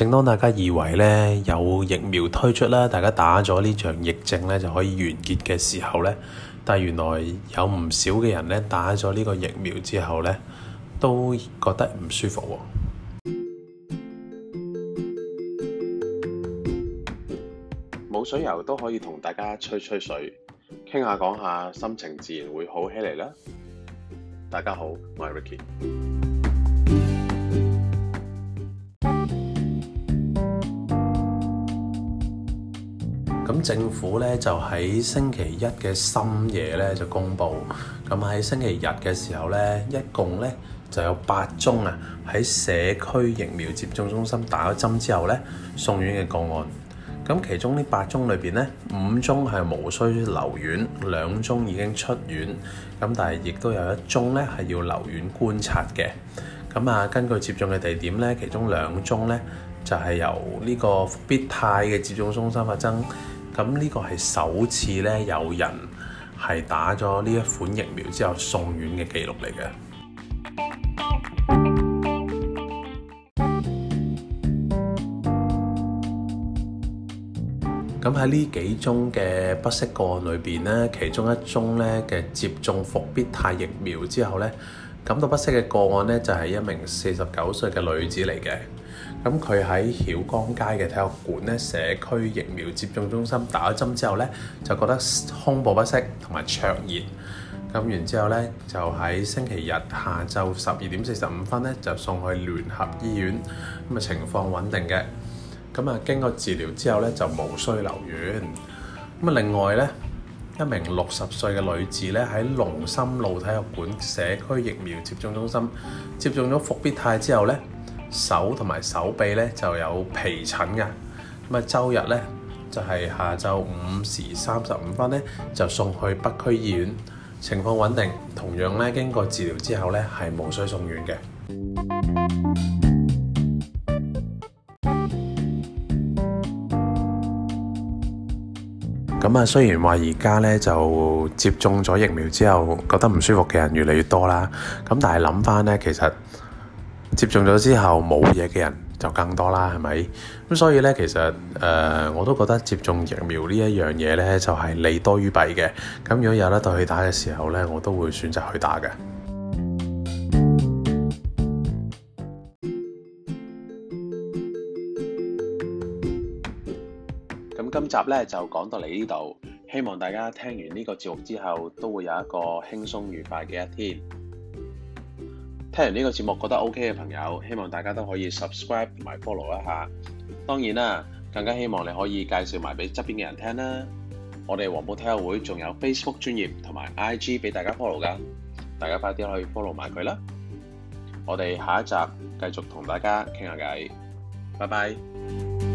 正當大家以為咧有疫苗推出啦，大家打咗呢場疫症咧就可以完結嘅時候咧，但原來有唔少嘅人咧打咗呢個疫苗之後咧，都覺得唔舒服喎、哦。冇水油都可以同大家吹吹水，傾下講下，心情自然會好起嚟啦。大家好，我係 Ricky。咁政府咧就喺星期一嘅深夜咧就公布，咁喺星期日嘅時候咧，一共咧就有八宗啊喺社區疫苗接種中心打咗針之後咧送院嘅個案。咁其中呢八宗裏邊咧，五宗係無需留院，兩宗已經出院，咁但係亦都有一宗咧係要留院觀察嘅。咁啊，根據接種嘅地點咧，其中兩宗咧就係由呢個必泰嘅接種中心發生。咁呢個係首次咧有人係打咗呢一款疫苗之後送院嘅記錄嚟嘅。咁喺呢幾宗嘅不適個案裏邊咧，其中一宗咧嘅接種復必泰疫苗之後咧感到不適嘅個案咧，就係一名四十九歲嘅女子嚟嘅。咁佢喺曉光街嘅體育館咧，社區疫苗接種中心打咗針之後咧，就覺得胸部不適同埋灼熱。咁然之後咧，就喺星期日下晝十二點四十五分咧，就送去聯合醫院。咁啊，情況穩定嘅。咁啊，經過治療之後咧，就無需留院。咁啊，另外咧，一名六十歲嘅女子咧，喺龍琛路體育館社區疫苗接種中心接種咗復必泰之後咧，手同埋手臂咧就有皮疹㗎，咁啊周日咧就係、是、下晝五時三十五分咧就送去北區醫院，情況穩定，同樣咧經過治療之後咧係無需送院嘅。咁啊雖然話而家咧就接種咗疫苗之後覺得唔舒服嘅人越嚟越多啦，咁但係諗翻咧其實。接種咗之後冇嘢嘅人就更多啦，係咪？咁所以呢，其實誒、呃、我都覺得接種疫苗呢一樣嘢呢，就係、是、利多於弊嘅。咁如果有得去打嘅時候呢，我都會選擇去打嘅。咁今集呢，就講到嚟呢度，希望大家聽完呢個節目之後，都會有一個輕鬆愉快嘅一天。聽完呢個節目覺得 OK 嘅朋友，希望大家都可以 subscribe 同埋 follow 一下。當然啦，更加希望你可以介紹埋俾側邊嘅人聽啦。我哋黃埔體育會仲有 Facebook 專業同埋 IG 俾大家 follow 㗎，大家快啲去 follow 埋佢啦。我哋下一集繼續同大家傾下偈，拜拜。